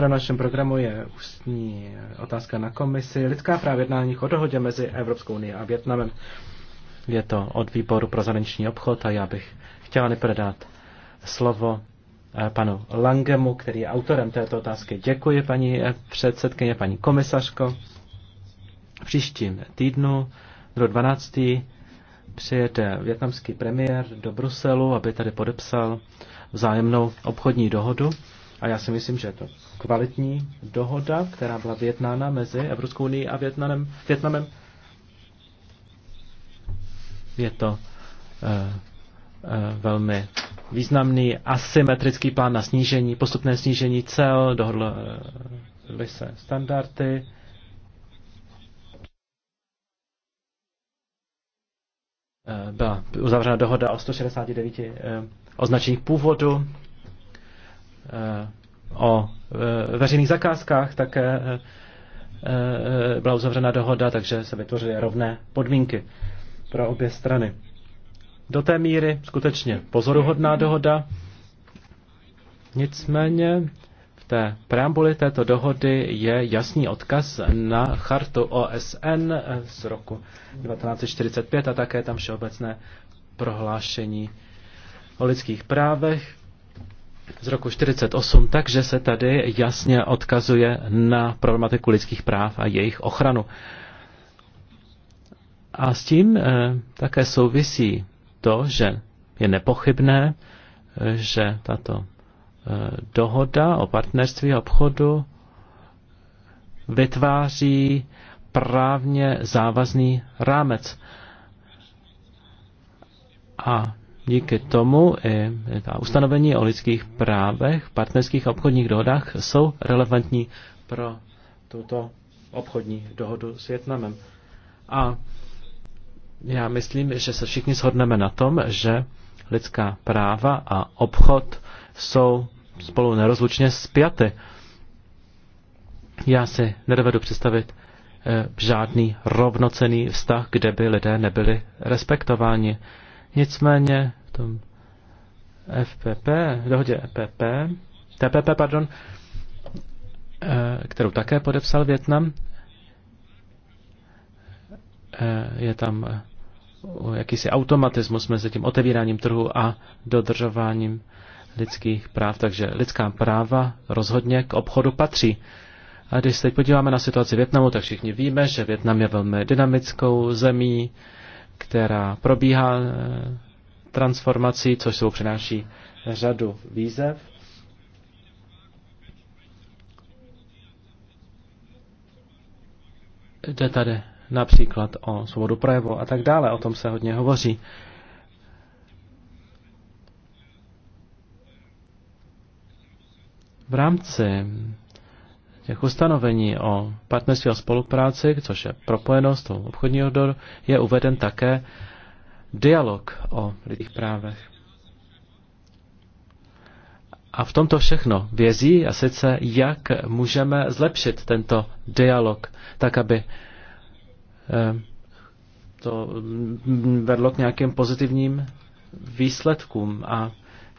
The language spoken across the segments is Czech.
Na našem programu je ústní otázka na komisi. Lidská práva jednáních o dohodě mezi Evropskou unii a Větnamem. Je to od výboru pro zahraniční obchod a já bych chtěla nepredat slovo eh, panu Langemu, který je autorem této otázky. Děkuji, paní eh, předsedkyně, paní komisařko. V příštím týdnu, 12. přijede větnamský premiér do Bruselu, aby tady podepsal vzájemnou obchodní dohodu. A já si myslím, že je to kvalitní dohoda, která byla vyjednána mezi Evropskou unii a Větnamem. Větnamem. Je to uh, uh, velmi významný asymetrický plán na snížení, postupné snížení cel, dohodly eh, se standardy. Byla uzavřena dohoda o 169 označeních původu. Eh, o eh, veřejných zakázkách také eh, byla uzavřena dohoda, takže se vytvořily rovné podmínky pro obě strany. Do té míry skutečně pozoruhodná dohoda. Nicméně v té preambuli této dohody je jasný odkaz na chartu OSN z roku 1945 a také tam všeobecné prohlášení o lidských právech z roku 48, takže se tady jasně odkazuje na problematiku lidských práv a jejich ochranu. A s tím eh, také souvisí to, že je nepochybné, eh, že tato eh, dohoda o partnerství a obchodu vytváří právně závazný rámec. A Díky tomu i ta ustanovení o lidských právech v partnerských obchodních dohodách jsou relevantní pro tuto obchodní dohodu s Větnamem. A já myslím, že se všichni shodneme na tom, že lidská práva a obchod jsou spolu nerozlučně spjaty. Já si nedovedu představit eh, žádný rovnocený vztah, kde by lidé nebyli respektováni. Nicméně v tom FPP, v dohodě EPP, TPP, pardon, eh, kterou také podepsal Větnam, eh, je tam eh, jakýsi automatismus mezi tím otevíráním trhu a dodržováním lidských práv, takže lidská práva rozhodně k obchodu patří. A když se teď podíváme na situaci Větnamu, tak všichni víme, že Větnam je velmi dynamickou zemí, která probíhá eh, transformací, což sebou přináší řadu výzev. Jde tady například o svobodu projevu a tak dále, o tom se hodně hovoří. V rámci těch ustanovení o partnerství a spolupráci, což je propojenost toho obchodního dohodu, je uveden také dialog o lidských právech. A v tomto všechno vězí a sice, jak můžeme zlepšit tento dialog, tak aby eh, to vedlo k nějakým pozitivním výsledkům. A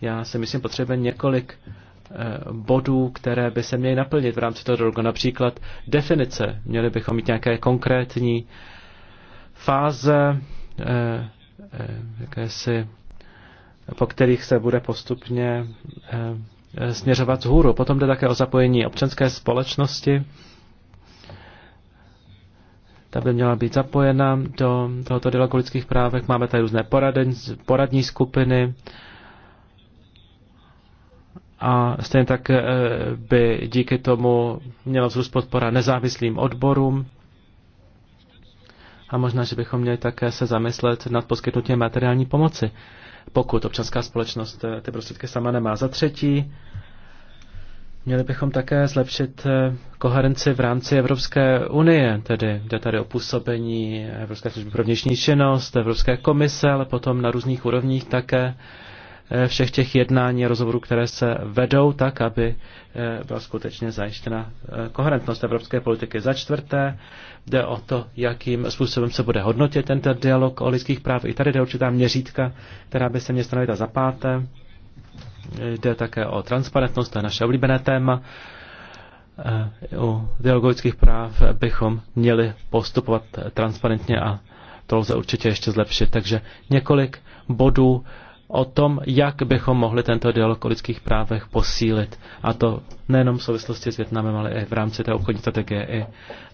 já si myslím, potřebujeme několik Eh, bodů, které by se měly naplnit v rámci toho dialogu. Například definice. Měli bychom mít nějaké konkrétní fáze, eh, eh, jakési, po kterých se bude postupně směřovat z hůru. Potom jde také o zapojení občanské společnosti. Ta by měla být zapojena do tohoto dialogu lidských právech. Máme tady různé poradní skupiny, a stejně tak eh, by díky tomu měla vzrůst podpora nezávislým odborům a možná, že bychom měli také se zamyslet nad poskytnutím materiální pomoci, pokud občanská společnost eh, ty prostředky sama nemá. Za třetí, Měli bychom také zlepšit eh, koherenci v rámci Evropské unie, tedy jde tady o působení Evropské služby pro vnitřní činnost, Evropské komise, ale potom na různých úrovních také Eh, všech těch jednání a rozhovorů, které se vedou, tak aby eh, byla skutečně zajištěna eh, koherentnost evropské politiky. Za čtvrté jde o to, jakým způsobem se bude hodnotit tento dialog o lidských právech. I tady jde určitá měřítka, která by se mě stanovit za páté. Jde také o transparentnost, to je naše oblíbené téma u dialogických práv bychom měli postupovat transparentně a to lze určitě ještě zlepšit. Takže několik bodů o tom, jak bychom mohli tento dialog o lidských právech posílit. A to nejenom v souvislosti s Větnamem, ale i v rámci té obchodní strategie i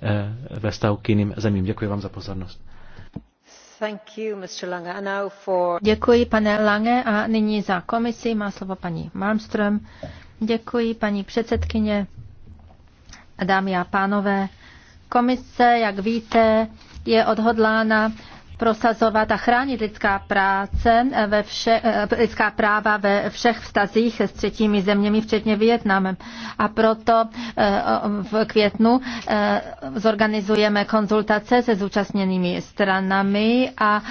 eh, ve stavu k jiným zemím. Děkuji vám za pozornost. Děkuji, pane Lange. A nyní za komisi má slovo paní Malmström. Děkuji, paní předsedkyně, dámy a pánové. Komise, jak víte, je odhodlána prosazovat a chránit lidská, práce eh, ve vše, eh, lidská práva ve všech vztazích s třetími zeměmi, včetně Větnamem. A proto eh, v květnu zorganizujeme konzultace se zúčastněnými stranami a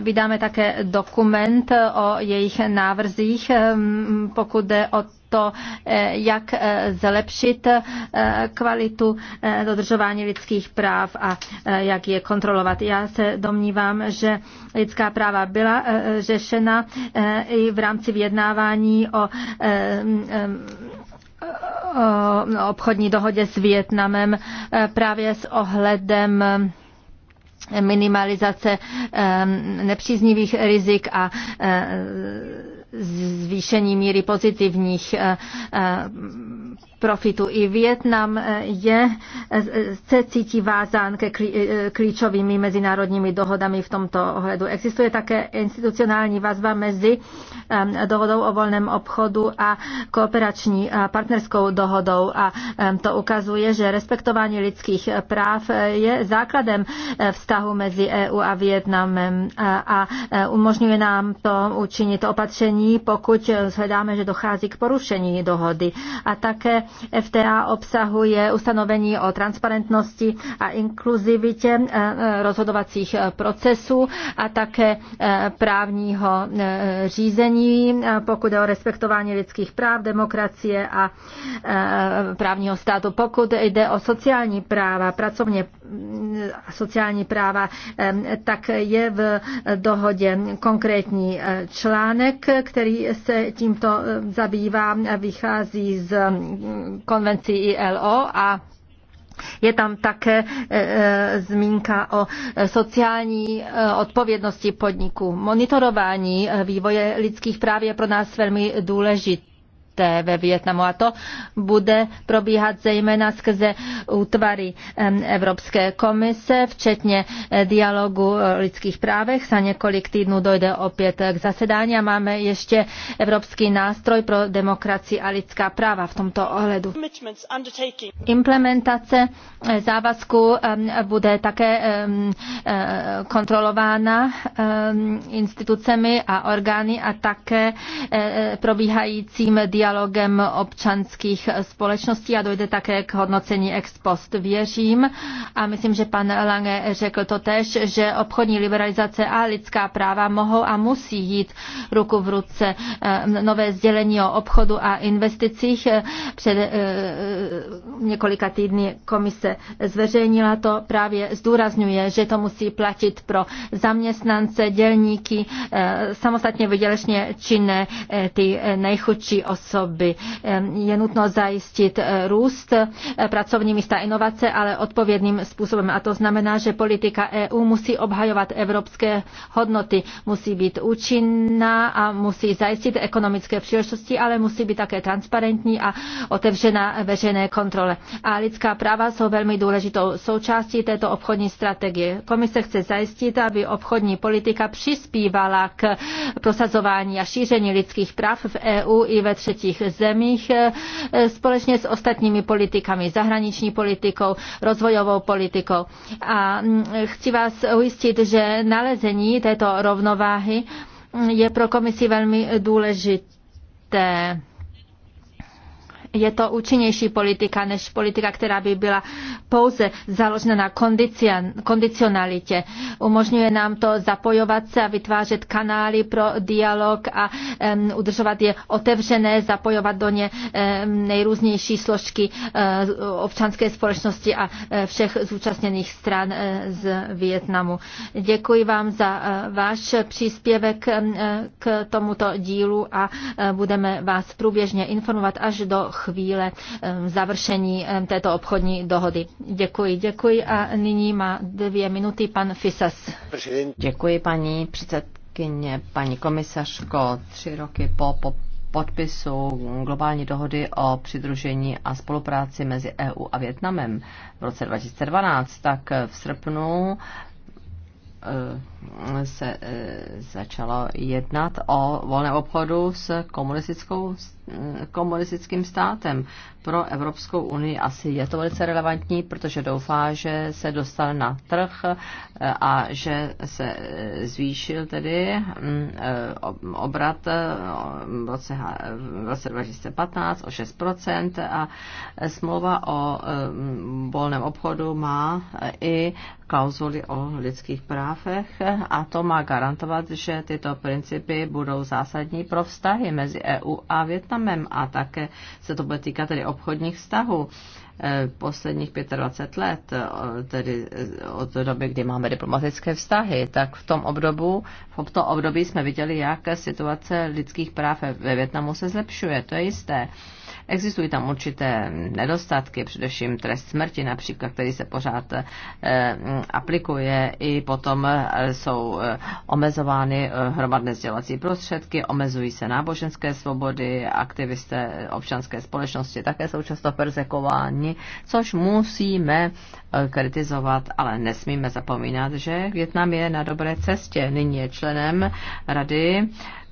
vydáme také dokument o jejich návrzích, pokud jde o to, eh, jak eh, zlepšit eh, kvalitu dodržování lidských práv a jak je kontrolovat. Já se domnívám, že lidská práva byla řešena i v rámci vyjednávání o mm, obchodní dohodě s Vietnamem právě s ohledem minimalizace nepříznivých rizik a zvýšení míry pozitivních eh, eh, profitu. I Větnam eh, je, eh, se cítí vázán ke eh, klíčovými mezinárodními dohodami v tomto ohledu. Existuje také institucionální vazba mezi dohodou o volném obchodu a kooperační partnerskou dohodou a to ukazuje, že respektování lidských práv je základem vztahu mezi EU a Větnamem a umožňuje nám to učinit opatření, pokud shledáme, že dochází k porušení dohody. A také FTA obsahuje ustanovení o transparentnosti a inkluzivitě eh, eh, rozhodovacích eh, procesů a také právního řízení, pokud je o respektování lidských práv, demokracie a právního státu. Pokud jde o sociální práva, pracovně sociální práva, tak je v dohodě konkrétní eh, článek, který se tímto eh, zabývá, vychází z mm, konvencí ILO a je tam také eh, zmínka o sociální odpovědnosti podniků. Monitorování vývoje lidských práv je pro nás velmi důležité ve Větnamu a to bude probíhat zejména skrze útvary Evropské komise, včetně eh, dialogu o eh, lidských právech. Za několik týdnů dojde opět eh, k zasedání a máme ještě Evropský nástroj pro demokracii a lidská práva v tomto ohledu. Implementace závazku bude také kontrolována institucemi a orgány a také probíhajícím dialogem dialogem občanských společností a dojde také k hodnocení ex post. Věřím a myslím, že pan Lange řekl to tež, že obchodní liberalizace a lidská práva mohou a musí jít ruku v ruce. Ehm, nové sdělení o obchodu a investicích eh, před eh, několika týdny komise zveřejnila to právě zdůrazňuje, že to musí platit pro zaměstnance, dělníky, eh, samostatně vydělečně činné ty nejchudší osoby zásoby. Je nutno zajistit eh, růst, eh, pracovní místa, inovace, ale odpovědným způsobem. A to znamená, že politika EU musí obhajovat evropské hodnoty, musí být účinná a musí zajistit ekonomické příležitosti, ale musí být také transparentní a otevřená veřejné kontrole. A lidská práva jsou velmi důležitou součástí této obchodní strategie. Komise chce zajistit, aby obchodní politika přispívala k prosazování a šíření lidských práv v EU i ve třetích třetích zemích eh, společně s ostatními politikami, zahraniční politikou, rozvojovou politikou. A mm, chci vás ujistit, že nalezení této rovnováhy mm, je pro komisi velmi důležité je to účinnější politika než politika, která by byla pouze založena na kondicionalitě. Umožňuje nám to zapojovat se a vytvářet kanály pro dialog a um, udržovat je otevřené, zapojovat do ně um, nejrůznější složky uh, občanské společnosti a uh, všech zúčastněných stran uh, z Vietnamu. Děkuji vám za uh, váš příspěvek uh, k tomuto dílu a uh, budeme vás průběžně informovat až do chvíle eh, završení eh, této obchodní dohody. Děkuji, děkuji a nyní má dvě minuty pan Fisas. Děkuji paní předsedkyně, paní komisařko. Tři roky po, po podpisu globální dohody o přidružení a spolupráci mezi EU a Větnamem v roce 2012, tak v srpnu eh, se eh, začalo jednat o volném obchodu s komunistickou, eh, komunistickým státem. Pro Evropskou unii asi je to velice relevantní, protože doufá, že se dostal na trh eh, a že se zvýšil tedy hm, obrat v roce, v roce 2015 o 6% a smlouva o hm, volném obchodu má i klauzuly o lidských právech a to má garantovat, že tyto principy budou zásadní pro vztahy mezi EU a Větnamem a také se to bude týkat tedy obchodních vztahů. Eh, posledních 25 let, eh, tedy eh, od doby, kdy máme diplomatické vztahy, tak v tom, obdobu, v tom období jsme viděli, jak situace lidských práv ve Větnamu se zlepšuje, to je jisté. Existují tam určité nedostatky, především trest smrti například, který se pořád mm, aplikuje. I potom jsou omezovány hromadné sdělovací prostředky, omezují se náboženské svobody, aktivisté občanské společnosti také jsou často persekováni Vietnamci, což musíme eh, kritizovat, ale nesmíme zapomínat, že Větnam je na dobré cestě. Nyní je členem Rady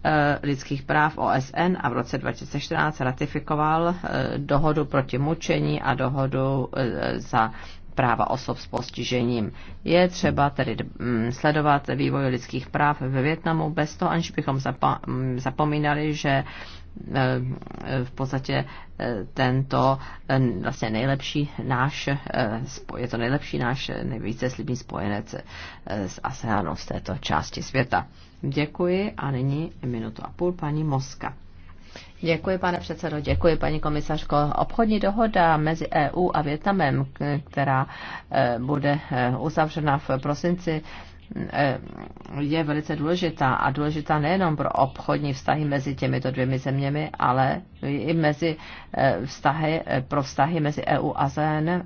eh, lidských práv OSN a v roce 2014 ratifikoval eh, dohodu proti mučení a dohodu za práva osob s postižením. Je třeba tedy mm, sledovat vývoj lidských práv ve Větnamu bez toho, aniž bychom mm, zapomínali, že Eh, v podstatě eh, tento eh, vlastně nejlepší náš, je to nejlepší náš nejvíce slibný spojenec s ASEANu z této části světa. Děkuji a nyní minutu a půl paní Moska. Děkuji, pane předsedo, děkuji, paní komisařko. Obchodní dohoda mezi EU a Větnamem, která bude uzavřena v prosinci Eh, je velice důležitá a důležitá nejenom pro obchodní vztahy mezi těmito dvěmi zeměmi, ale i mezi e, vztahy, e, pro vztahy mezi EU a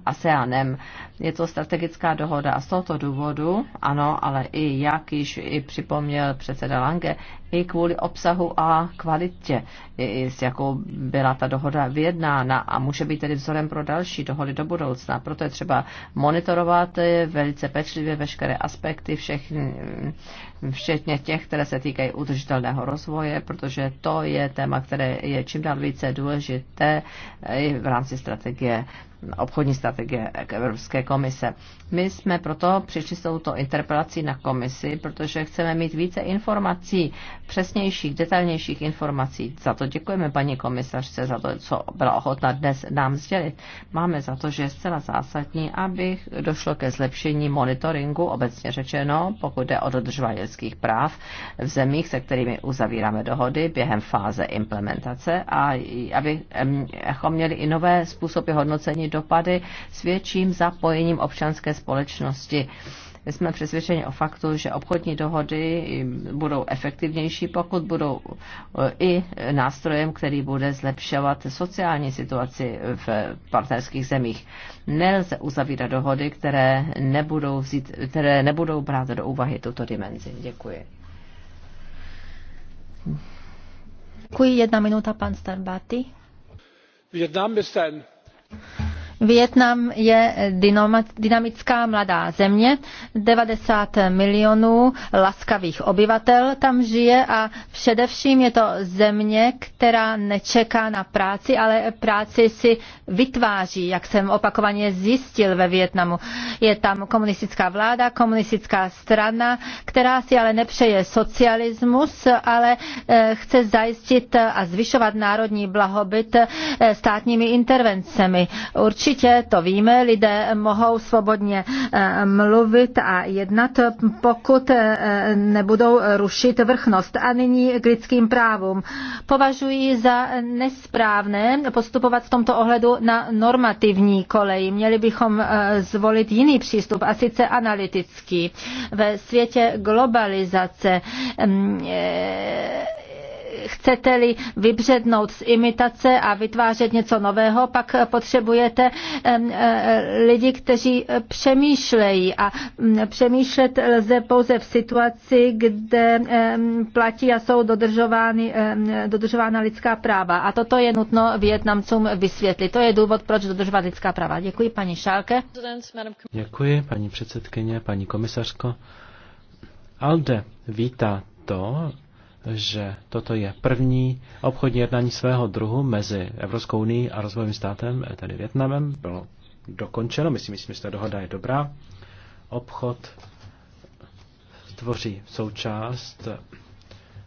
ASEANem. Je to strategická dohoda a z tohoto důvodu, ano, ale i jak již i připomněl předseda Lange, i kvůli obsahu a kvalitě, s jakou byla ta dohoda vyjednána a může být tedy vzorem pro další dohody do budoucna. Proto je třeba monitorovat e, velice pečlivě veškeré aspekty, všech, včetně těch, které se týkají udržitelného rozvoje, protože to je téma, které je čím dál velice důležité i v rámci strategie obchodní strategie k Evropské komise. My jsme proto přišli s touto interpelací na komisi, protože chceme mít více informací, přesnějších, detailnějších informací. Za to děkujeme paní komisařce, za to, co byla ochotna dnes nám sdělit. Máme za to, že je zcela zásadní, aby došlo ke zlepšení monitoringu, obecně řečeno, pokud jde o dodržování lidských práv v zemích, se kterými uzavíráme dohody během fáze implementace a abychom měli i nové způsoby hodnocení dopady s větším zapojením občanské společnosti. Jsme přesvědčeni o faktu, že obchodní dohody budou efektivnější, pokud budou eh, i nástrojem, který bude zlepšovat sociální situaci v partnerských zemích. Nelze uzavírat dohody, které nebudou, vzít, které nebudou brát do úvahy tuto dimenzi. Děkuji. Děkuji. Jedna minuta, pan Starbaty. Vietnam Vietnam je dynamická mladá země, 90 milionů laskavých obyvatel tam žije a především je to země, která nečeká na práci, ale práci si vytváří, jak jsem opakovaně zjistil ve Vietnamu. Je tam komunistická vláda, komunistická strana, která si ale nepřeje socialismus, ale eh, chce zajistit a zvyšovat národní blahobyt eh, státními intervencemi. Určitě určitě, to víme, lidé mohou svobodně eh, mluvit a jednat, pokud eh, nebudou rušit vrchnost. A nyní k lidským právům. Považuji za nesprávné postupovat v tomto ohledu na normativní koleji. Měli bychom eh, zvolit jiný přístup, a sice analytický. Ve světě globalizace mm, chcete-li vybřednout z imitace a vytvářet něco nového, pak potřebujete lidi, kteří přemýšlejí. A přemýšlet lze pouze v situaci, kde platí a jsou dodržovány, dodržována lidská práva. A toto je nutno Větnamcům vysvětlit. To je důvod, proč dodržovat lidská práva. Děkuji, paní Šálke. Děkuji, paní předsedkyně, paní komisařko. Alde vítá to, že toto je první obchodní jednání svého druhu mezi Evropskou unii a rozvojovým státem, tedy Větnamem. Bylo dokončeno, myslím, myslím, že ta dohoda je dobrá. Obchod tvoří součást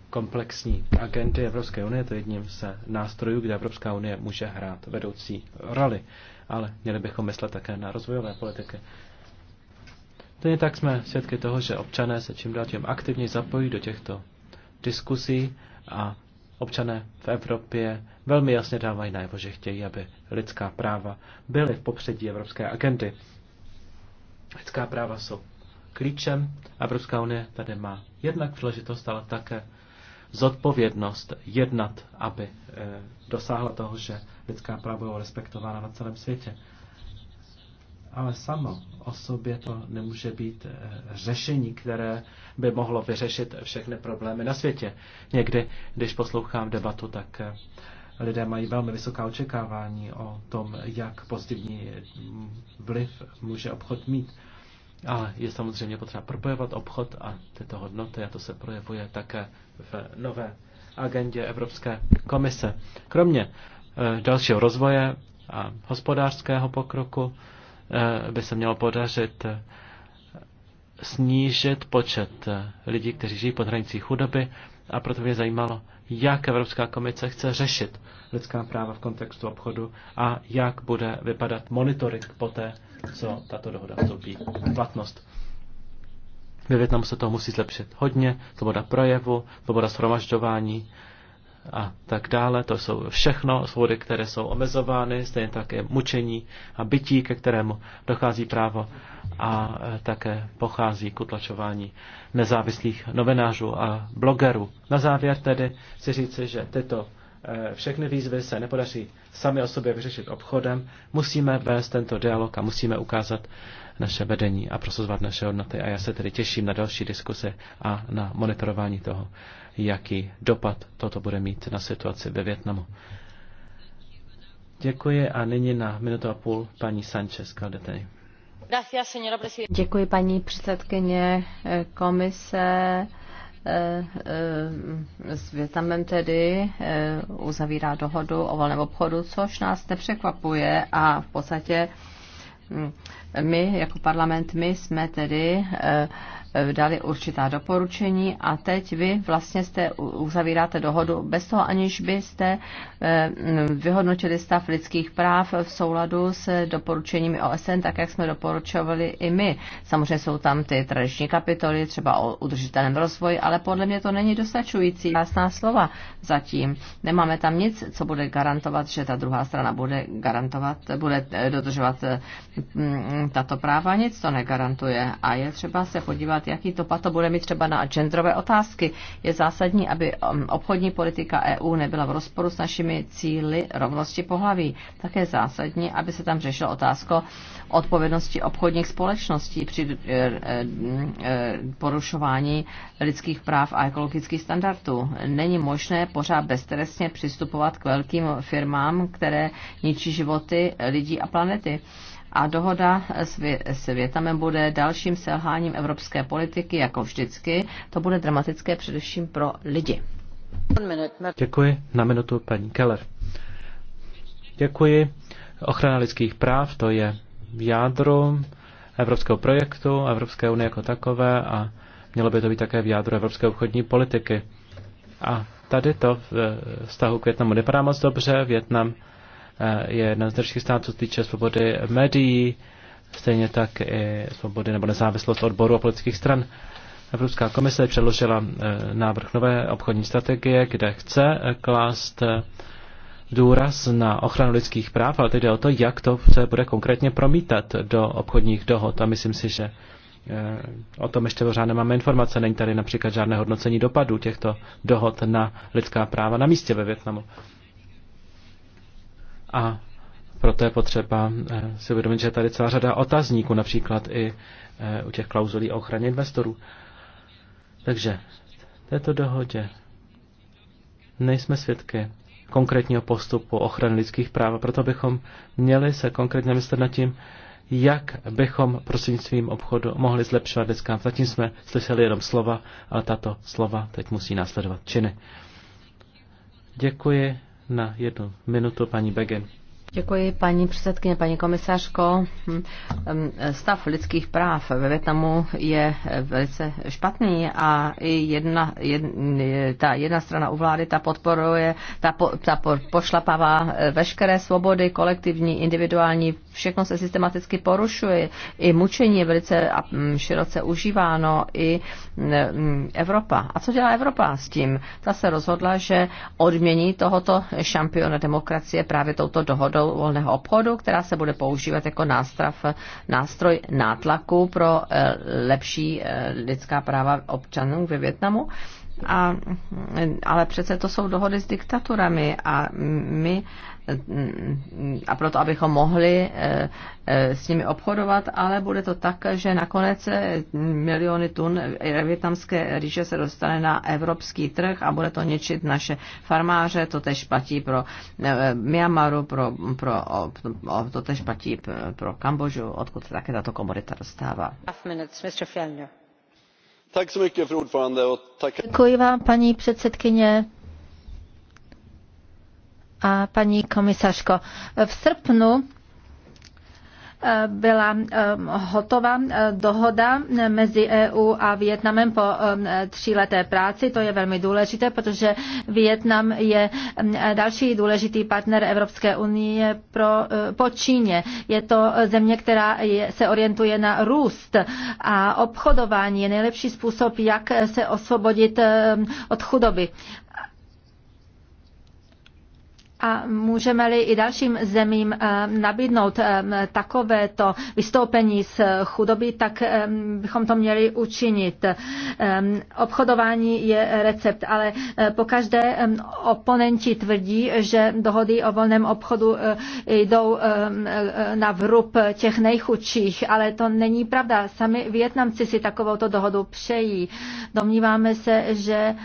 komplexní agendy Evropské unie, to je jedním z nástrojů, kde Evropská unie může hrát vedoucí roli, ale měli bychom myslet také na rozvojové politiky. Stejně tak jsme svědky toho, že občané se čím dál tím aktivně zapojí do těchto diskusí a občané v Evropě velmi jasně dávají najevo, že chtějí, aby lidská práva byly v popředí evropské agendy. Lidská práva jsou klíčem. Evropská unie tady má jednak příležitost, ale také zodpovědnost jednat, aby eh, dosáhla toho, že lidská práva byla respektována na celém světě. Ale samo o sobě to nemůže být eh, řešení, které by mohlo vyřešit všechny problémy na světě. Někdy, když poslouchám debatu, tak eh, lidé mají velmi vysoká očekávání o tom, jak pozitivní vliv může obchod mít. Ale je samozřejmě potřeba propojovat obchod a tyto hodnoty a to se projevuje také v nové agendě Evropské komise. Kromě eh, dalšího rozvoje a hospodářského pokroku Eh, by se mělo podařit eh, snížit počet eh, lidí, kteří žijí pod hranicí chudoby a proto mě zajímalo, jak Evropská komise chce řešit lidská práva v kontextu obchodu a jak bude vypadat monitoring poté, co tato dohoda vstoupí v platnost. Ve Větnamu se to musí zlepšit hodně, svoboda projevu, svoboda shromažďování, a tak dále. To jsou všechno svobody, které jsou omezovány, stejně také mučení a bytí, ke kterému dochází právo a e, také pochází k utlačování nezávislých novinářů a blogerů. Na závěr tedy chci říci, že tyto Eh, všechny výzvy se nepodaří sami o sobě vyřešit obchodem. Musíme vést tento dialog a musíme ukázat naše vedení a prosazovat naše hodnoty. A já se tedy těším na další diskuse a na monitorování toho, jaký dopad toto bude mít na situaci ve Větnamu. Děkuji a nyní na minutu a půl paní Sanchez Caldetej. Děkuji paní předsedkyně eh, komise Eh, eh, s Větnamem tedy eh, uzavírá dohodu o volném obchodu, což nás nepřekvapuje a v podstatě mm, my jako parlament, my jsme tedy dali určitá doporučení a teď vy vlastně jste uzavíráte dohodu bez toho, aniž byste eh, vyhodnotili stav lidských práv v souladu s doporučeními OSN, tak jak jsme doporučovali i my. Samozřejmě jsou tam ty tradiční kapitoly, třeba o udržitelném rozvoji, ale podle mě to není dostačující. Jasná slova zatím. Nemáme tam nic, co bude garantovat, že ta druhá strana bude garantovat, bude eh, dodržovat eh, tato práva, nic to negarantuje. A je třeba se podívat podívat, jaký dopad to bude mít třeba na genderové otázky. Je zásadní, aby um, obchodní politika EU nebyla v rozporu s našimi cíly rovnosti pohlaví. Také zásadní, aby se tam řešila otázka odpovědnosti obchodních společností při eh, eh, eh, porušování lidských práv a ekologických standardů. Není možné pořád beztrestně přistupovat k velkým firmám, které ničí životy lidí a planety a dohoda s, Vě- s Větnamem bude dalším selháním evropské politiky, jako vždycky. To bude dramatické především pro lidi. Děkuji. Na minutu paní Keller. Děkuji. Ochrana lidských práv, to je jádro evropského projektu, Evropské unie jako takové a mělo by to být také v jádru evropské obchodní politiky. A tady to v e, vztahu k Větnamu nepadá moc dobře. Větnam Eh, je jedna z držských států, co týče svobody médií, stejně tak i svobody nebo nezávislost odboru a politických stran. Evropská komise předložila eh, návrh nové obchodní strategie, kde chce eh, klást důraz na ochranu lidských práv, ale teď jde o to, jak to se bude konkrétně promítat do obchodních dohod. A myslím si, že o tom ještě pořád nemáme informace. Není tady například žádné hodnocení dopadů těchto dohod na lidská práva na místě ve Větnamu. A proto je potřeba eh, si uvědomit, že je tady celá řada otazníků, například i eh, u těch klauzulí o ochraně investorů. Takže v této dohodě nejsme svědky konkrétního postupu ochrany lidských práv, proto bychom měli se konkrétně myslet nad tím, jak bychom prostřednictvím obchodu mohli zlepšovat lidská. Zatím jsme slyšeli jenom slova, ale tato slova teď musí následovat činy. Děkuji na jednu minutu paní Begen. Děkuji, paní předsedkyně, paní komisařko. Hm, hm, stav lidských práv ve Větnamu je velice špatný a i jedna, jed, ta jedna strana u vlády ta podporuje, ta, po, ta po, pošlapává veškeré svobody, kolektivní, individuální, všechno se systematicky porušuje. I mučení je velice hm, široce užíváno, i Mm, Evropa. A co dělá Evropa s tím? Ta se rozhodla, že odmění tohoto šampiona demokracie právě touto dohodou volného obchodu, která se bude používat jako nástrav, nástroj nátlaku pro eh, lepší eh, lidská práva občanů ve Větnamu. A, mm, ale přece to jsou dohody s diktaturami a my a proto, abychom mohli eh, eh, s nimi obchodovat, ale bude to tak, že nakonec eh, miliony tun větnamské rýže se dostane na evropský trh a bude to ničit naše farmáře, to tež platí pro Myanmaru, pro, pro, to tež platí pro Kambožu, odkud také tato komodita dostává. Děkuji vám, paní předsedkyně a paní komisařko. V srpnu eh, byla eh, hotová eh, dohoda mezi EU a Větnamem po tříleté práci. To je velmi důležité, protože Větnam je další důležitý partner Evropské unie pro, po Číně. Je to země, která je, se orientuje na růst a obchodování je nejlepší způsob, jak se osvobodit od chudoby. A můžeme-li i dalším zemím eh, nabídnout eh, takovéto vystoupení z chudoby, tak eh, bychom to měli učinit. Obchodování je recept, ale pokaždé oponenti tvrdí, že dohody o volném obchodu jdou na vrub těch nejchudších, ale to není pravda. Sami Větnamci si takovouto dohodu přejí. Domníváme se, že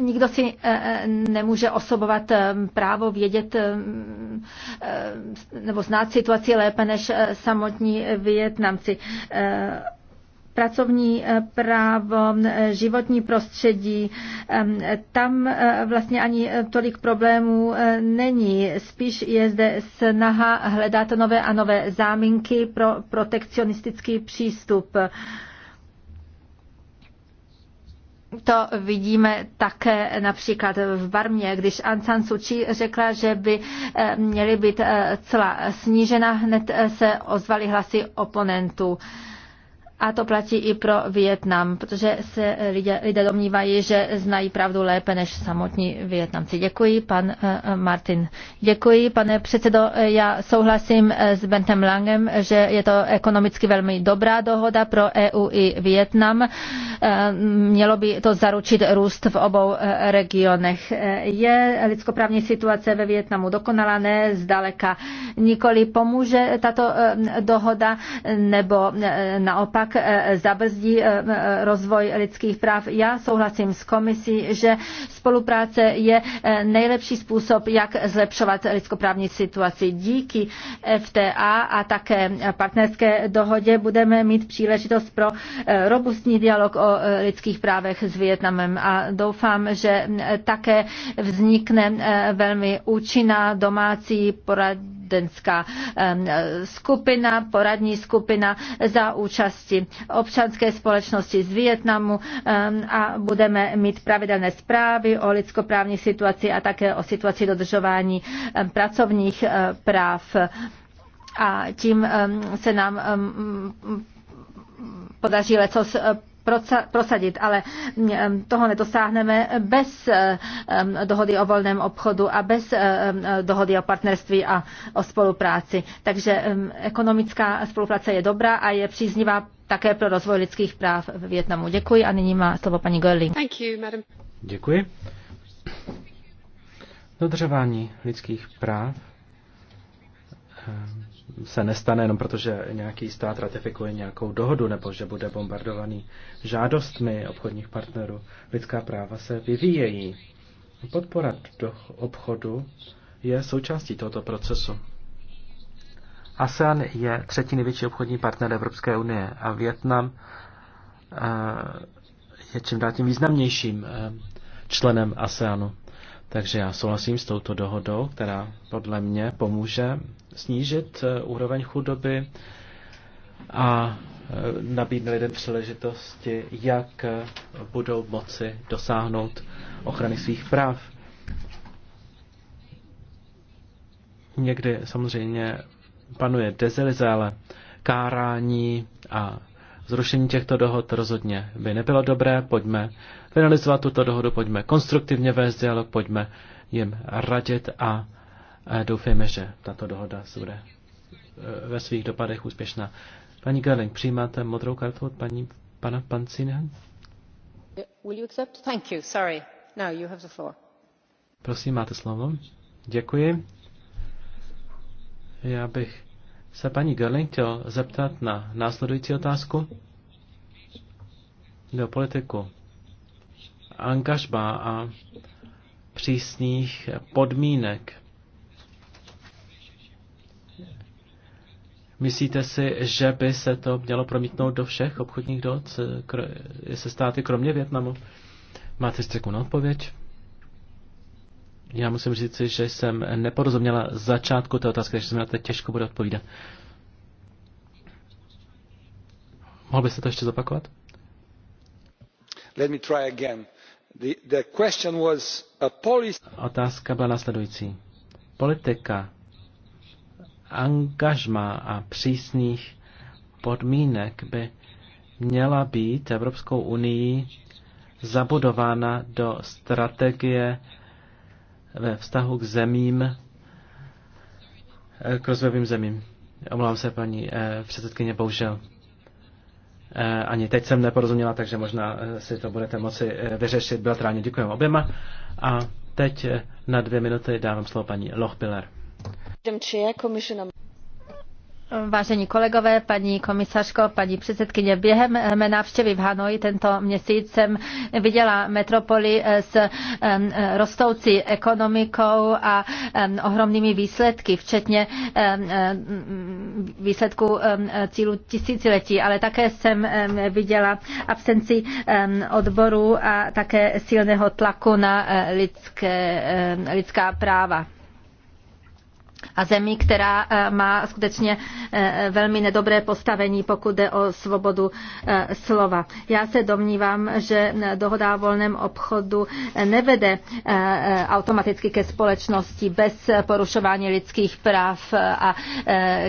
nikdo si eh, eh, nemůže osobovat eh, právo vědět nebo znát situaci lépe než samotní Větnamci pracovní právo, životní prostředí. Tam vlastně ani tolik problémů není. Spíš je zde snaha hledat nové a nové záminky pro protekcionistický přístup to vidíme také například v Barmě, když Aung San Suu Kyi řekla, že by eh, měly být eh, celá snížena, hned eh, se ozvaly hlasy oponentů. A to platí i pro Vietnam, protože se lidé, lidé domnívají, že znají pravdu lépe než samotní Větnamci. Děkuji, pan eh, eh, Martin. Děkuji, pane předsedo. Eh, já souhlasím s Bentem Langem, že je to ekonomicky velmi dobrá dohoda pro EU i Vietnam. Mělo by to zaručit růst v obou regionech. Je lidskoprávní situace ve Vietnamu dokonalá? Ne, zdaleka. Nikoli pomůže tato dohoda, nebo naopak naopak eh, zabrzdí eh, eh, rozvoj lidských práv. Já souhlasím s komisí, že spolupráce je nejlepší způsob, jak zlepšovat lidskoprávní situaci. Díky FTA a také partnerské dohodě budeme mít příležitost pro robustní dialog o lidských právech s Vietnamem a doufám, že také vznikne velmi účinná domácí poradní poradenská skupina, poradní skupina za účasti občanské společnosti z Vietnamu a budeme mít pravidelné zprávy o lidskoprávní situaci a také o situaci dodržování pracovních eh, práv. A tím se nám podaří lecos eh, prosadit, ale mm, toho nedosáhneme bez dohody o volném obchodu a bez dohody o partnerství a o spolupráci. Takže ekonomická spolupráce je dobrá a je příznivá také pro rozvoj lidských práv v Větnamu. Děkuji a nyní má slovo paní Görling. Děkuji. Dodržování lidských práv se nestane jenom proto, že nějaký stát ratifikuje nějakou dohodu nebo že bude bombardovaný žádostmi obchodních partnerů. Lidská práva se vyvíjejí. Podpora do obchodu je součástí tohoto procesu. ASEAN je třetí největší obchodní partner Evropské unie a Větnam eh, je čím dál tím významnějším eh, členem ASEANu. Takže já souhlasím s touto dohodou, která podle mě pomůže snížit eh, úroveň chudoby a eh, nabídne lidem příležitosti, jak eh, budou moci dosáhnout ochrany svých práv. Někdy samozřejmě panuje dezilize, ale kárání a zrušení těchto dohod rozhodně by nebylo dobré. Pojďme finalizovat tuto dohodu, pojďme konstruktivně vést dialog, pojďme jim radit a doufejme, že tato dohoda bude e, ve svých dopadech úspěšná. Paní Gerling, přijímáte modrou kartu od paní, pana Pancina? Prosím, máte slovo. Děkuji. Já bych se paní Gerling chtěl zeptat na následující otázku. Jde o politiku angažba a přísných podmínek. Myslíte si, že by se to mělo promítnout do všech obchodních dohod se státy, kromě Větnamu? Máte na odpověď? Já musím říct, že jsem neporozuměla začátku té otázky, takže se mi na to těžko bude odpovídat. Mohl byste to ještě zopakovat? Let me try again. Otázka byla následující. Politika angažma a přísných podmínek by měla být Evropskou unii zabudována do strategie ve vztahu k zemím, k rozvojovým zemím. Omlouvám se, paní eh, předsedkyně, bohužel Eh, ani teď jsem neporozuměla, takže možná eh, si to budete moci eh, vyřešit bilaterálně. Děkujeme oběma. A teď na dvě minuty dávám slovo paní Lochbiller. Vážení kolegové, paní komisařko, paní předsedkyně, během mé návštěvy v Hanoji tento měsíc jsem viděla metropoli s rostoucí ekonomikou a ohromnými výsledky, včetně výsledků cílu tisíciletí, ale také jsem viděla absenci odborů a také silného tlaku na eh, lidské, lidská práva a zemí, která eh, má skutečně eh, velmi nedobré postavení, pokud jde o svobodu eh, slova. Já se domnívám, že dohoda o volném obchodu nevede automaticky ke společnosti bez porušování lidských práv a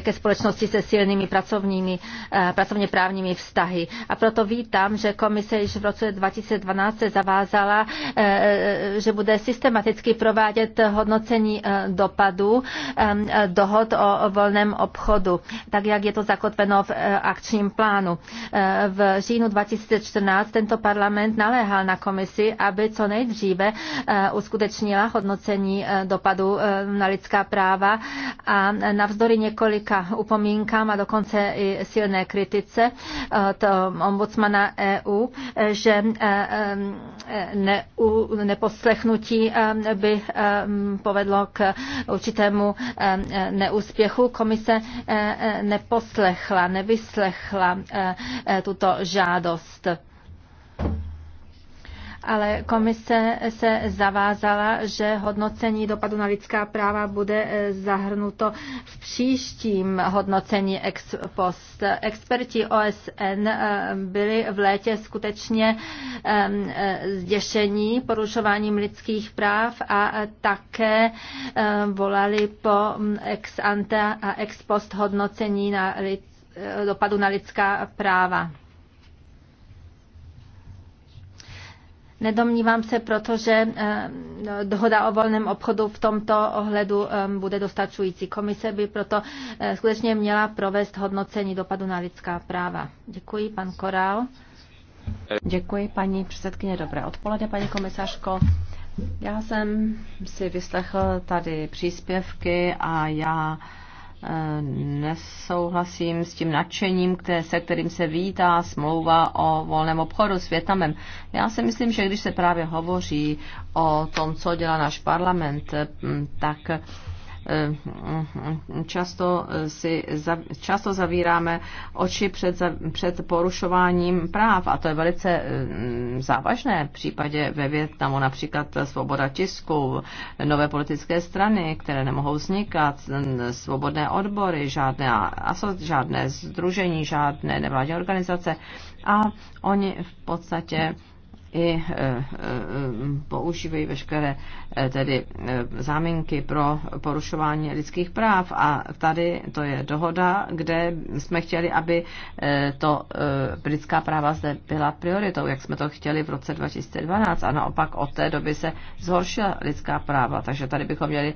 ke společnosti se silnými pracovními, pracovně právními vztahy. A proto vítám, že komise již v roce 2012 se zavázala, že bude systematicky provádět hodnocení dopadu dohod o volném obchodu, tak jak je to zakotveno v eh, akčním plánu. Eh, v říjnu 2014 tento parlament naléhal na komisi, aby co nejdříve eh, uskutečnila hodnocení dopadu na lidská práva a navzdory několika upomínkám a dokonce i silné kritice od ombudsmana EU, že neposlechnutí by povedlo k určitému Eh, neúspěchu. Komise eh, eh, neposlechla, nevyslechla tuto žádost ale komise se zavázala, že hodnocení dopadu na lidská práva bude e, zahrnuto v příštím hodnocení ex post. Experti OSN e, byli v létě skutečně e, zděšení porušováním lidských práv a také volali po ex ante a ex post hodnocení na dopadu na lidská práva. Nedomnívám se, protože eh, dohoda o volném obchodu v tomto ohledu eh, bude dostačující. Komise by proto eh, skutečně měla provést hodnocení dopadu na lidská práva. Děkuji, pan Korál. Děkuji, paní předsedkyně. Dobré odpoledne, paní komisařko. Já jsem si vyslechl tady příspěvky a já nesouhlasím s tím nadšením, které, se kterým se vítá smlouva o volném obchodu s Větnamem. Já si myslím, že když se právě hovoří o tom, co dělá náš parlament, tak Eh, často, si, často zavíráme oči před, před porušováním práv a to je velice eh, závažné v případě ve Větnamu, například svoboda tisku, nové politické strany, které nemohou vznikat, svobodné odbory, žádné, aso, žádné združení, žádné nevládní organizace a oni v podstatě i e, e, používají veškeré e, tedy záminky pro porušování lidských práv. A tady to je dohoda, kde jsme chtěli, aby to britská práva zde byla prioritou, jak jsme to chtěli v roce 2012 a naopak od té doby se zhoršila lidská práva. Takže tady bychom měli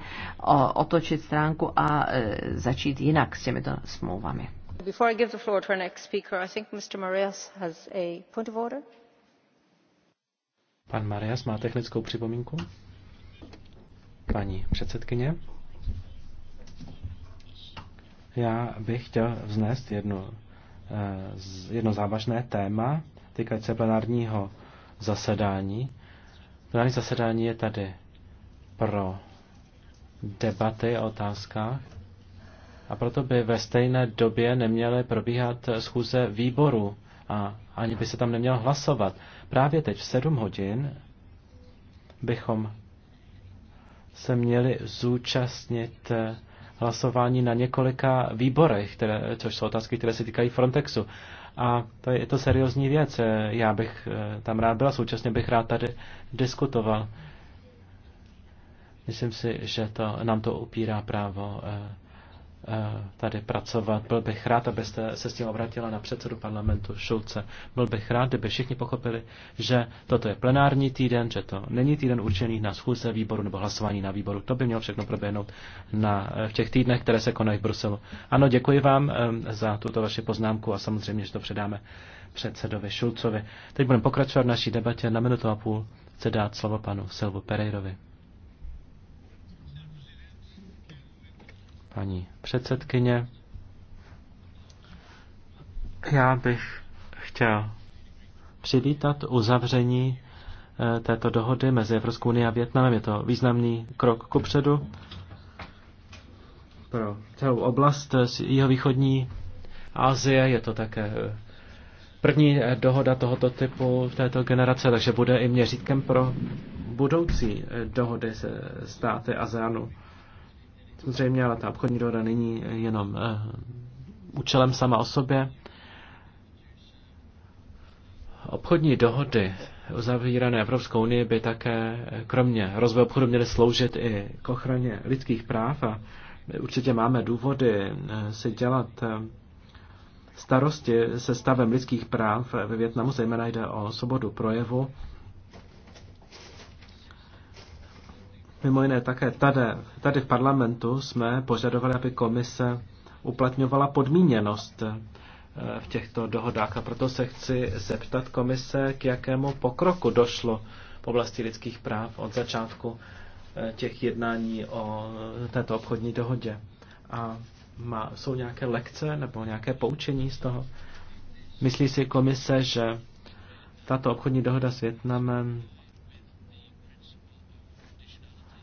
otočit stránku a začít jinak s těmito smlouvami. Before I give the floor to our next speaker, I think Mr. Marias has a point of order. Pan Marias má technickou připomínku? Paní předsedkyně? Já bych chtěl vznést jednu, eh, jedno závažné téma týkající se plenárního zasedání. Plenární zasedání je tady pro debaty o otázkách a proto by ve stejné době neměly probíhat schůze výboru a ani by se tam neměl hlasovat. Právě teď v 7 hodin bychom se měli zúčastnit eh, hlasování na několika výborech, které, což jsou otázky, které se týkají Frontexu. A to je, to seriózní věc. Eh, já bych eh, tam rád byl, současně bych rád tady diskutoval. Myslím si, že to, nám to upírá právo Eh, tady pracovat. Byl bych rád, abyste se s tím obratila na předsedu parlamentu Šulce. Byl bych rád, kdyby všichni pochopili, že toto je plenární týden, že to není týden určený na schůze výboru nebo hlasování na výboru. To by mělo všechno proběhnout na, eh, v těch týdnech, které se konají v Bruselu. Ano, děkuji vám eh, za tuto vaši poznámku a samozřejmě, že to předáme předsedovi Šulcovi. Teď budeme pokračovat v naší debatě. Na minutu a půl chce dát slovo panu Silvu Pereirovi. paní předsedkyně. Já bych chtěl přivítat uzavření eh, této dohody mezi Evropskou unii a Větnamem. Je to významný krok kupředu pro celou oblast jeho východní Asie. Je to také eh, první eh, dohoda tohoto typu v této generace, takže bude i měřítkem pro budoucí dohody se státy ASEANu. Zřejmě, ale ta obchodní dohoda není jenom eh, účelem sama o sobě. Obchodní dohody uzavírané Evropskou unii by také eh, kromě rozvoje obchodu měly sloužit i k ochraně lidských práv a my určitě máme důvody eh, si dělat starosti se stavem lidských práv ve Větnamu, zejména jde o svobodu projevu. Mimo jiné také tady, tady v parlamentu jsme požadovali, aby komise uplatňovala podmíněnost eh, v těchto dohodách a proto se chci zeptat komise, k jakému pokroku došlo v oblasti lidských práv od začátku eh, těch jednání o eh, této obchodní dohodě. A má, jsou nějaké lekce nebo nějaké poučení z toho? Myslí si komise, že tato obchodní dohoda s Větnamem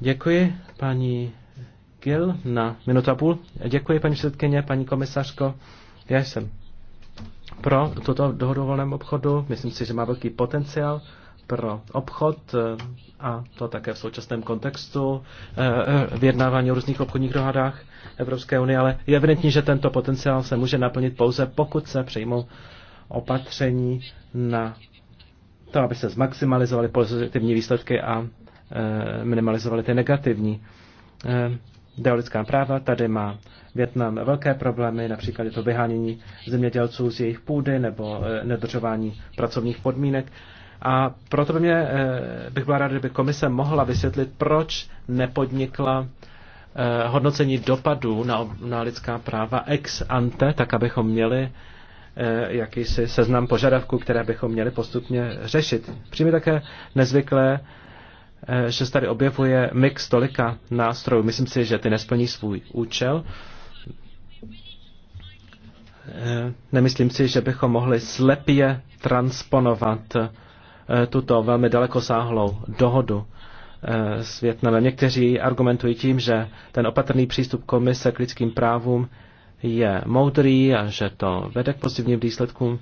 Děkuji, paní Gill, na minutu a půl. Děkuji, paní předsedkyně, paní komisařko. Já jsem pro tuto dohodu o volném obchodu. Myslím si, že má velký potenciál pro obchod eh, a to také v současném kontextu eh, vyjednávání o různých obchodních dohadách Evropské unie, ale je evidentní, že tento potenciál se může naplnit pouze, pokud se přijmou opatření na to, aby se zmaximalizovaly pozitivní výsledky a e, minimalizovaly ty negativní. Jde lidská práva, tady má Větnam velké problémy, například je to vyhánění zemědělců z jejich půdy nebo e, nedržování pracovních podmínek. A proto by mě, e, bych byla ráda, kdyby komise mohla vysvětlit, proč nepodnikla hodnocení dopadů na, na lidská práva ex ante, tak abychom měli Eh, jakýsi seznam požadavků, které bychom měli postupně řešit. Přijme také nezvyklé, eh, že se tady objevuje mix tolika nástrojů. Myslím si, že ty nesplní svůj účel. Eh, nemyslím si, že bychom mohli slepě transponovat tuto velmi dalekosáhlou dohodu s Větnamem. Někteří argumentují tím, že ten opatrný přístup komise k lidským právům je moudrý a že to vede k pozitivním výsledkům.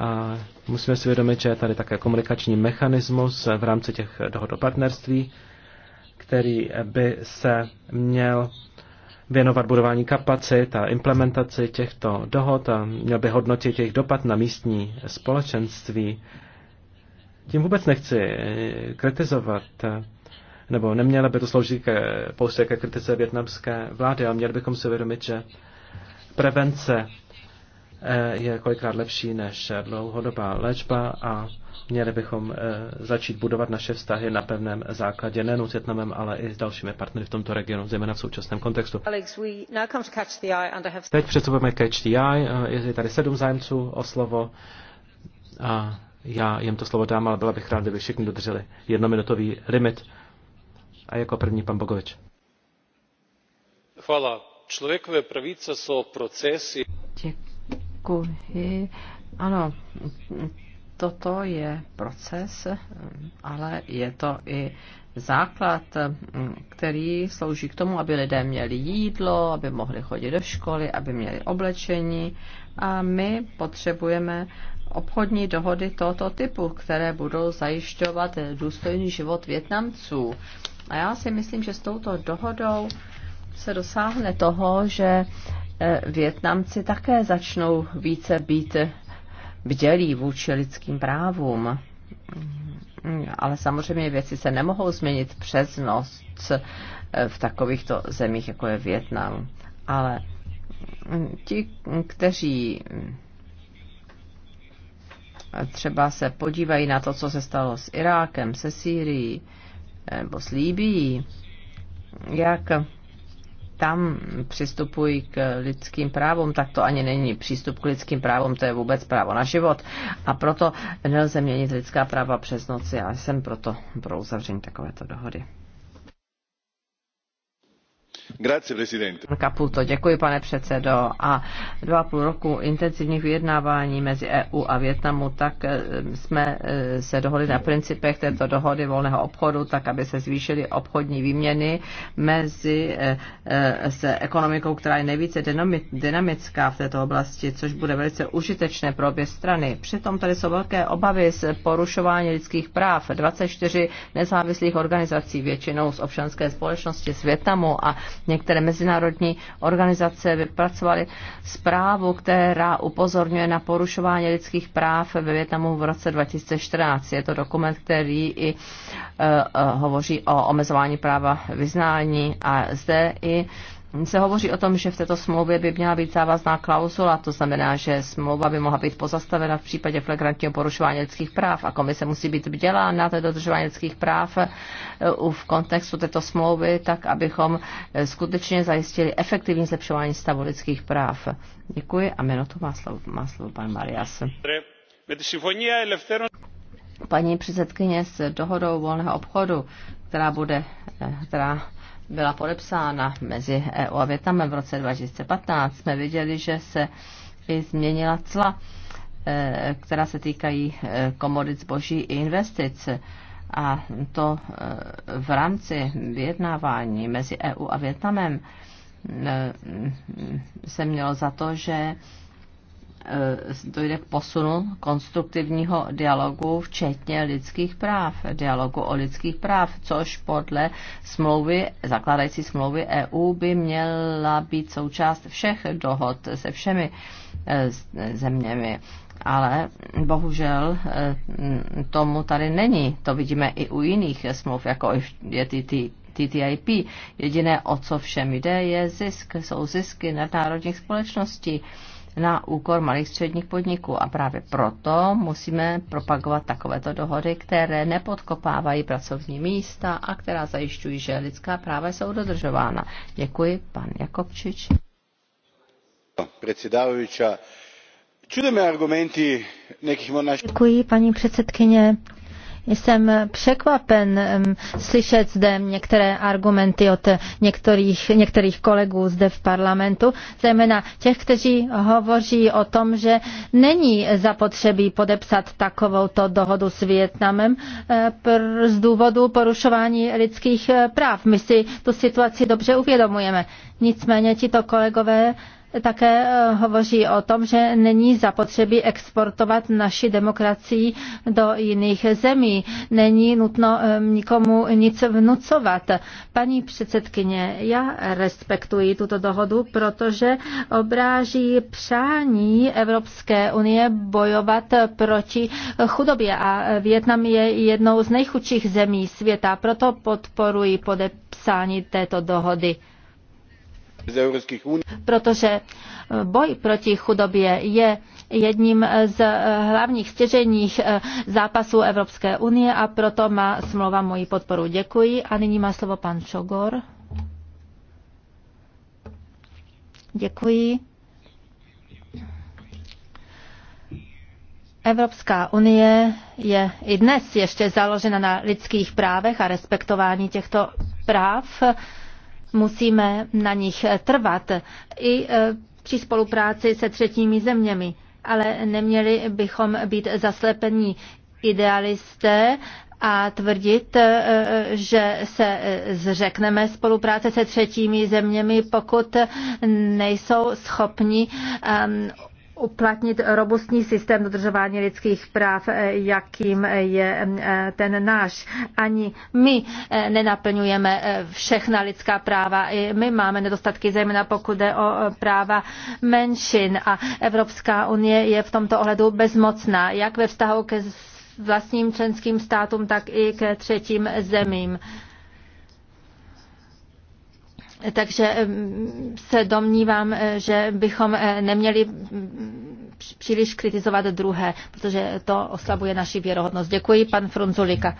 A musíme si vědomit, že je tady také komunikační mechanismus v rámci těch dohod o partnerství, který by se měl věnovat budování kapacit a implementaci těchto dohod a měl by hodnotit jejich dopad na místní společenství. Tím vůbec nechci kritizovat, nebo neměla by to sloužit pouze ke kritice větnamské vlády, ale měli bychom si vědomit, že prevence eh, je kolikrát lepší než dlouhodobá léčba a měli bychom eh, začít budovat naše vztahy na pevném základě, nejen s Větnamem, ale i s dalšími partnery v tomto regionu, zejména v současném kontextu. Teď přistupujeme k HDI, je tady sedm zájemců o slovo a já jim to slovo dám, ale byla bych rád, kdyby všichni dodrželi jednominutový limit. A jako první pan Bogovič. Hvala člověkové pravice jsou procesy. Děkuji. Ano, toto je proces, ale je to i základ, který slouží k tomu, aby lidé měli jídlo, aby mohli chodit do školy, aby měli oblečení. A my potřebujeme obchodní dohody tohoto typu, které budou zajišťovat důstojný život Větnamců. A já si myslím, že s touto dohodou se dosáhne toho, že eh, Větnamci také začnou více být bdělí vůči lidským právům. Ale samozřejmě věci se nemohou změnit přes noc eh, v takovýchto zemích, jako je Větnam. Ale hm, ti, kteří hm, třeba se podívají na to, co se stalo s Irákem, se Sýrií eh, nebo s Líbí, jak tam přistupují k lidským právům, tak to ani není přístup k lidským právům, to je vůbec právo na život. A proto nelze měnit lidská práva přes noci. Já jsem proto pro uzavření takovéto dohody. Caputo, děkuji, pane předsedo. A dva půl roku intenzivních vyjednávání mezi EU a Větnamu, tak eh, jsme eh, se dohodli na principech této dohody volného obchodu, tak aby se zvýšily obchodní výměny mezi eh, s ekonomikou, která je nejvíce dynamická v této oblasti, což bude velice užitečné pro obě strany. Přitom tady jsou velké obavy z porušování lidských práv. 24 nezávislých organizací, většinou z občanské společnosti z Větnamu a některé mezinárodní organizace vypracovaly zprávu, která upozorňuje na porušování lidských práv ve Větnamu v roce 2014. Je to dokument, který i e, e, hovoří o omezování práva vyznání a zde i se hovoří o tom, že v této smlouvě by měla být závazná klauzula, to znamená, že smlouva by mohla být pozastavena v případě flagrantního porušování lidských práv a komise musí být bdělá na té dodržování lidských práv eh, v kontextu této smlouvy, tak abychom eh, skutečně zajistili efektivní zlepšování stavu lidských práv. Děkuji a minutu má slovo, má slovo pan Marias. Paní předsedkyně s dohodou volného obchodu, která bude, eh, která byla podepsána mezi EU a Větnamem v roce 2015, jsme viděli, že se i změnila cla, e, která se týkají e, komodit zboží i investic. A to e, v rámci vyjednávání mezi EU a Větnamem se mělo za to, že Eh, dojde k posunu konstruktivního dialogu, včetně lidských práv, dialogu o lidských práv, což podle smlouvy, zakládající smlouvy EU by měla být součást všech dohod se všemi eh, zeměmi. Ale bohužel eh, tomu tady není. To vidíme i u jiných smluv, jako je TTIP. Jediné, o co všem jde, je zisk, jsou zisky nadnárodních společností. společností na úkor malých středních podniků. A právě proto musíme propagovat takovéto dohody, které nepodkopávají pracovní místa a která zajišťují, že lidská práva jsou dodržována. Děkuji, pan Jakobčič. čudeme argumenty někých našich... Děkuji, paní předsedkyně. Jsem překvapen slyšet zde některé argumenty od některých, některých kolegů zde v parlamentu, zejména těch, kteří hovoří o tom, že není zapotřebí podepsat takovouto dohodu s Větnamem eh, z důvodu porušování lidských eh, práv. My si tu situaci dobře uvědomujeme. Nicméně tito kolegové také eh, hovoří o tom, že není zapotřebí exportovat naši demokracii do jiných zemí. Není nutno eh, nikomu nic vnucovat. Paní předsedkyně, já respektuji tuto dohodu, protože obráží přání Evropské unie bojovat proti chudobě a Větnam je jednou z nejchudších zemí světa, proto podporuji podepsání této dohody. Protože boj proti chudobě je jedním z hlavních stěženích eh, zápasů Evropské unie a proto má smlouva moji podporu. Děkuji a nyní má slovo pan Čogor. Děkuji. Evropská unie je i dnes ještě založena na lidských právech a respektování těchto práv. Musíme na nich trvat i e, při spolupráci se třetími zeměmi, ale neměli bychom být zaslepení idealisté a tvrdit, e, že se e, zřekneme spolupráce se třetími zeměmi, pokud nejsou schopni uplatnit robustní systém dodržování lidských práv, eh, jakým je eh, ten náš. Ani my eh, nenaplňujeme všechna lidská práva. I my máme nedostatky, zejména pokud jde o práva menšin a Evropská unie je v tomto ohledu bezmocná, jak ve vztahu ke vlastním členským státům, tak i ke třetím zemím. Takže se domnívám, eh, že bychom eh, neměli mm, příliš kritizovat druhé, protože to oslabuje naši věrohodnost. Děkuji, pan Frunzulika.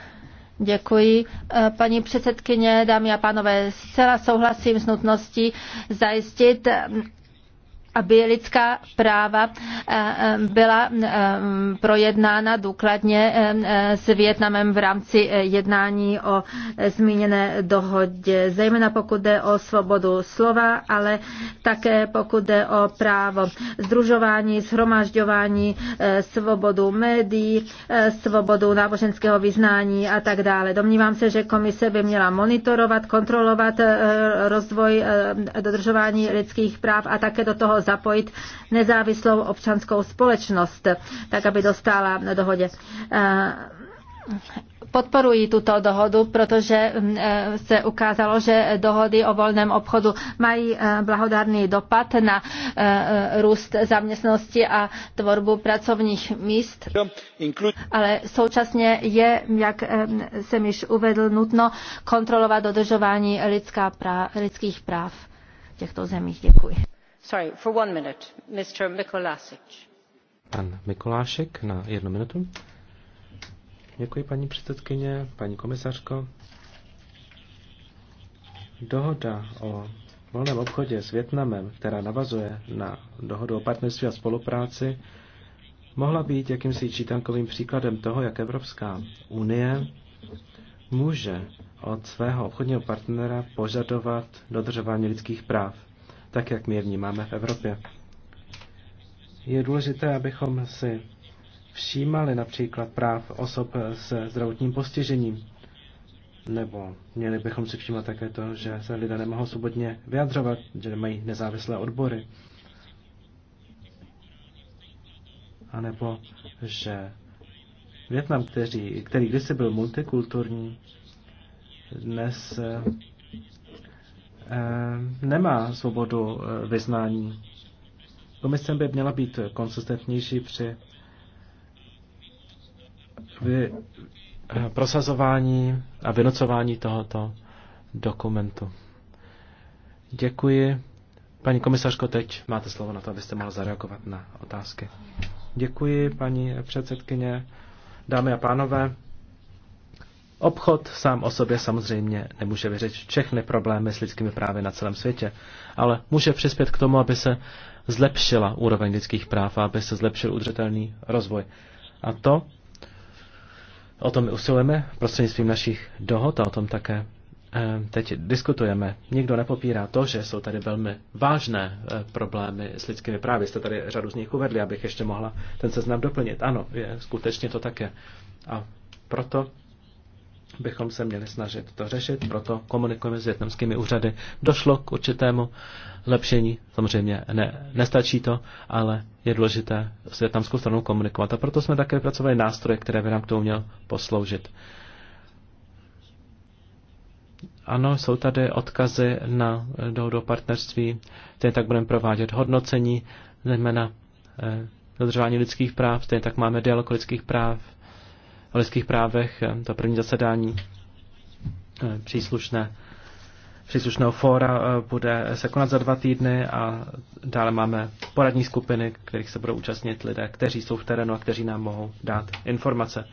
Děkuji. Eh, paní předsedkyně, dámy a pánové, zcela souhlasím s nutností zajistit aby lidská práva eh, eh, byla eh, projednána důkladně s Větnamem v rámci jednání o zmíněné dohodě, zejména pokud jde o svobodu slova, ale také pokud jde o právo združování, shromažďování, svobodu médií, svobodu náboženského vyznání a tak dále. Domnívám se, že komise by měla monitorovat, kontrolovat rozvoj dodržování lidských práv a také do toho zapojit nezávislou občanskou společnost, tak aby dostala dohodě eh, podporují tuto dohodu, protože eh, se ukázalo, že dohody o volném obchodu mají eh, blahodárný dopad na růst zaměstnosti a tvorbu pracovních míst. Ale současně je, jak jsem již uvedl, nutno kontrolovat dodržování lidská práv, lidských práv těchto zemích. Děkuji jednu minutu. paní předsedkyně, paní komisařko. Dohoda o volném obchodě s Větnamem, která navazuje na dohodu o partnerství a spolupráci, mohla být jakýmsi čítankovým příkladem toho, jak Evropská unie může od svého obchodního partnera požadovat dodržování lidských práv tak jak my je vnímáme v Evropě. Je důležité, abychom si všímali například práv osob se zdravotním postižením, nebo měli bychom si všímat také to, že se lidé nemohou svobodně vyjadřovat, že nemají nezávislé odbory, nebo že Větnam, který, který kdysi byl multikulturní, dnes Eh, nemá svobodu eh, vyznání. Komise by měla být konsistentnější při vy, eh, prosazování a vynocování tohoto dokumentu. Děkuji. Paní komisařko, teď máte slovo na to, abyste mohla zareagovat na otázky. Děkuji, paní předsedkyně, dámy a pánové. Obchod sám o sobě samozřejmě nemůže vyřešit všechny problémy s lidskými právy na celém světě, ale může přispět k tomu, aby se zlepšila úroveň lidských práv a aby se zlepšil udržitelný rozvoj. A to o tom my usilujeme prostřednictvím našich dohod a o tom také eh, teď diskutujeme. Nikdo nepopírá to, že jsou tady velmi vážné eh, problémy s lidskými právy. Jste tady řadu z nich uvedli, abych ještě mohla ten seznam doplnit. Ano, je, skutečně to také. A proto bychom se měli snažit to řešit, proto komunikujeme s větnamskými úřady. Došlo k určitému lepšení, samozřejmě ne, nestačí to, ale je důležité s větnamskou stranou komunikovat a proto jsme také pracovali nástroje, které by nám k tomu měl posloužit. Ano, jsou tady odkazy na dohodu o partnerství, stejně tak budeme provádět hodnocení, zejména eh, dodržování lidských práv, stejně tak máme dialog lidských práv, o lidských právech, eh, to první zasedání příslušné, příslušného fóra eh, bude se konat za dva týdny a dále máme poradní skupiny, kterých se budou účastnit lidé, kteří jsou v terénu a kteří nám mohou dát informace.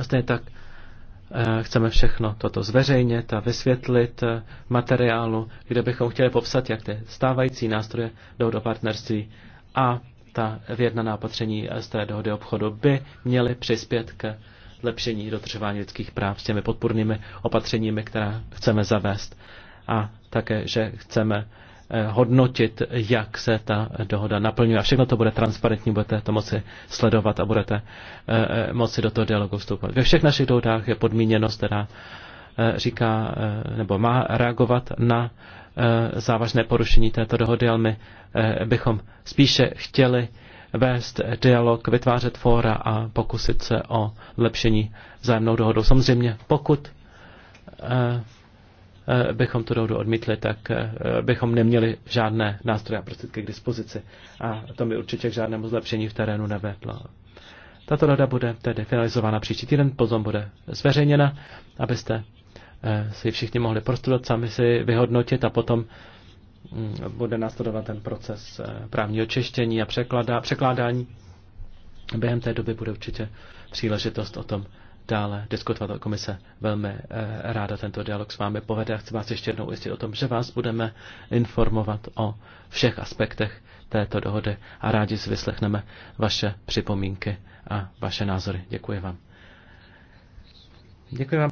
A stejně tak eh, chceme všechno toto zveřejnit a vysvětlit materiálu, kde bychom chtěli popsat, jak ty stávající nástroje jdou do partnerství a ta vyjednaná opatření z té dohody obchodu by měly přispět k zlepšení dotržování lidských práv s těmi podpůrnými opatřeními, která chceme zavést. A také, že chceme eh, hodnotit, jak se ta dohoda naplňuje. A všechno to bude transparentní, budete to moci sledovat a budete eh, eh, moci do toho dialogu vstoupat. Ve všech našich dohodách je podmíněnost, která Eh, říká eh, nebo má reagovat na eh, závažné porušení této dohody, ale my bychom spíše chtěli vést dialog, vytvářet fóra a pokusit se o lepšení vzájemnou dohodou. Samozřejmě, pokud bychom tu dohodu odmítli, tak bychom neměli žádné nástroje a prostředky k dispozici. A to by určitě k žádnému zlepšení v terénu nevedlo. Tato dohoda bude tedy finalizována příští týden, potom bude zveřejněna, abyste Eh, si všichni mohli prostudovat, sami si vyhodnotit a potom mm, bude následovat ten proces eh, právního češtění a překlada, překládání. Během té doby bude určitě příležitost o tom dále diskutovat. Komise velmi eh, ráda tento dialog s vámi povede a chci vás ještě jednou ujistit o tom, že vás budeme informovat o všech aspektech této dohody a rádi si vyslechneme vaše připomínky a vaše názory. Děkuji vám. Děkuji vám.